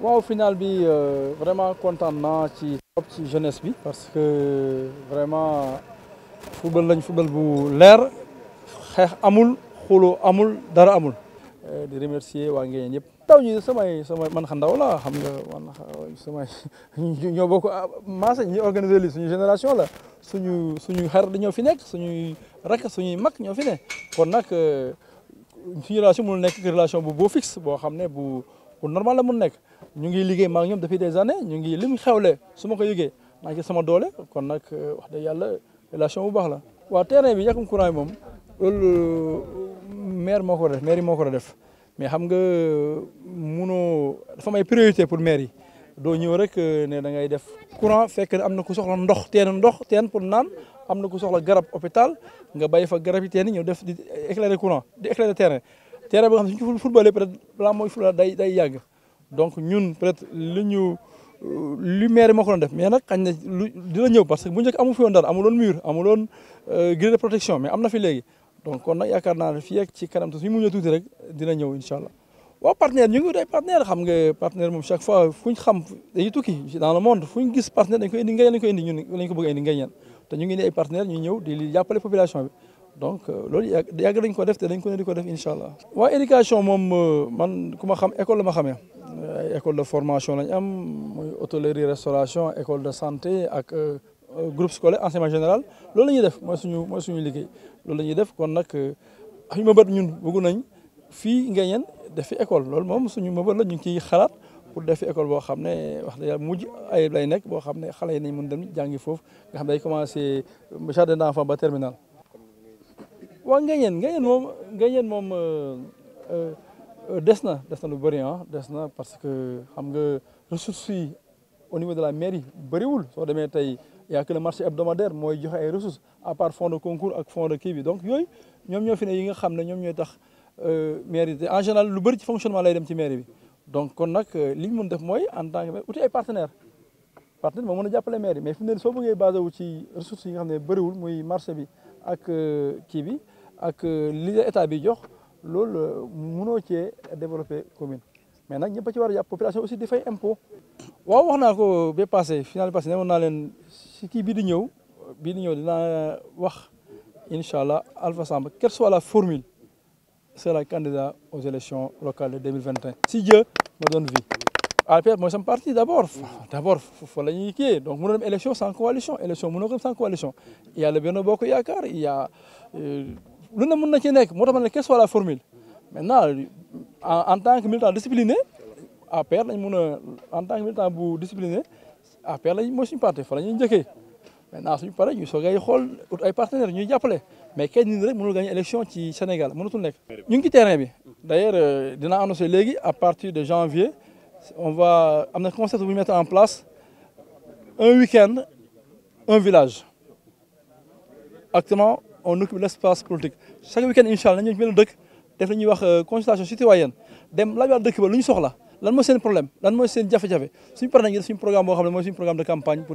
waaw final bi euh, vraiment content naa ci trop ci jeunesse bi parce que vraiment football lañ football bu leer xeex amul xuloo amul dara amul euh, di remercier waa Nguéniène ñëpp taw ñi samay samay man xa ndaw la xam nga man samay ñoo bokk maase ñi organiser li suñu génération la suñu suñu xarit ñoo fi nekk suñuy rakk suñuy mag ñoo fi ne kon nag euh, suñu relation mënul que relation bu boo fixe boo xam ne bu pour normal la mun nekk ñu ngi liggéey maa ngi ñoom depuis des années ñu ngi lim xewle su ma ko yëgee naa ci sama doole kon nag euh, wax dëgg yàlla relation bu baax la. waaw terrain bi yàqum courant bi moom euh, maire moo ko def maire moo ko def mais xam nga euh, munoo dafa may priorité pour maire yi doo ñëw rek ne da ngay def courant fekk am na ku soxla ndox teen ndox teen pour naan am na ko soxla garab hôpital nga bay fa garabi teen ñëw def di éclairer courant di terrain. tere boo xam ne suñu ko footballé peut être mooy fula day day donc ñun peut être li ñu euh, li maire moo def mais nag na lu dina ñëw parce que bu njëkk amu fi woon dara amuloon mur amuloon euh, grille de protection mais am na fi léegi donc kon nag yaakaar naa ne ci kanam suñu mu ñëw tuuti rek dina ñëw incha allah. waaw partenaire ñu ngi day nga partenaire moom ñun lañ ko bëgg a ngi ne ay ñu ñëw di jàppale population bi donc euh, loolu yàgg yàgg nañ ko def te dañ ko ne di ko def incha allah. waa éducation moom euh, man ku ma xam école la ma xamee ay école de formation lañ am muy hôtellerie restauration école de santé ak euh, groupe scolaire enseignement général loolu la ñuy def mooy suñu suñu liggéey loolu la ñuy def kon nag ma bat ñun bëggu nañ fii Nguéniène def fi école loolu moom suñu mëbët la ñu ngi ciy pour def école boo xam ne wax dëgg yàlla mujj ay lay nekk boo xam ne xale yi nañ mun dem jàngi foofu nga ne day commencé jardin d'enfant ba terminal waaw Nguéniène Nguéniène moom Nguéniène moom euh, euh, des na des na lu bëri ah desna, na parce que xam nga ressources au niveau de la mairie bëriwul soo demee tey y a que le marché hebdomadaire mooy joxe ay ressources à part fonds de concours ak fonds de kibi, donc yooyu ñoom ñoo fi ne yi nga xam ne ñoom ñooy tax euh, mairie en général lu bëri ci fonctionnement lay dem ci mairie bi donc kon nag li ñu mën def mooy en tant que maire uti ay partenaires partenaires moo mën a jàppale mairie mais fi mu ne soo bëggee basé wu ci ressources yi nga xam ne bëriwul marché bi ak kibi ak euh, li la état bi jox lolu euh, mënoo ci développer commune mais nak ñepp ci war japp population aussi di fay impôt wa wax naa ko ba passé final passé né woon na len ci kii bii di ñew bi di ñëw wax inshallah Alpha samba quelle soit la formule sera candidat aux élections locales de 2021 si Dieu me donne vie moi, je suis parti D'abord, d'abord, faut abord fa donc mënoo élection sans coalition élection mënoo sans coalition il y a le Benno Bokk Yakar. il y a euh, nous ne ci je quelle soit la formule maintenant en tant que militant discipliné après, en tant que militant discipliné après, lañ mooy suñu parti fa la ñuy maintenant suñu paree ñu soog ay les ut ay partenaires ñuy jàppale mais kenn nit rek mënul gagner élection ci Sénégal Nous nekk. ñu ngi terrain bi d'ailleurs euh, dinaa annoncer léegi à partir de janvier on va amener concept pour mettre en place un week-end un village actuellement. on occupe l'espace politique chaque week-end incha allah nañu benn dëkk def la ñuy wax euh, consultation citoyenne dem laaj waa dëkk ba lu ñu soxla lan mooy seen problème lan mooy seen jafe-jafe suñu paree nañu def suñu programme boo xam ne mooy suñu programme de campagne pour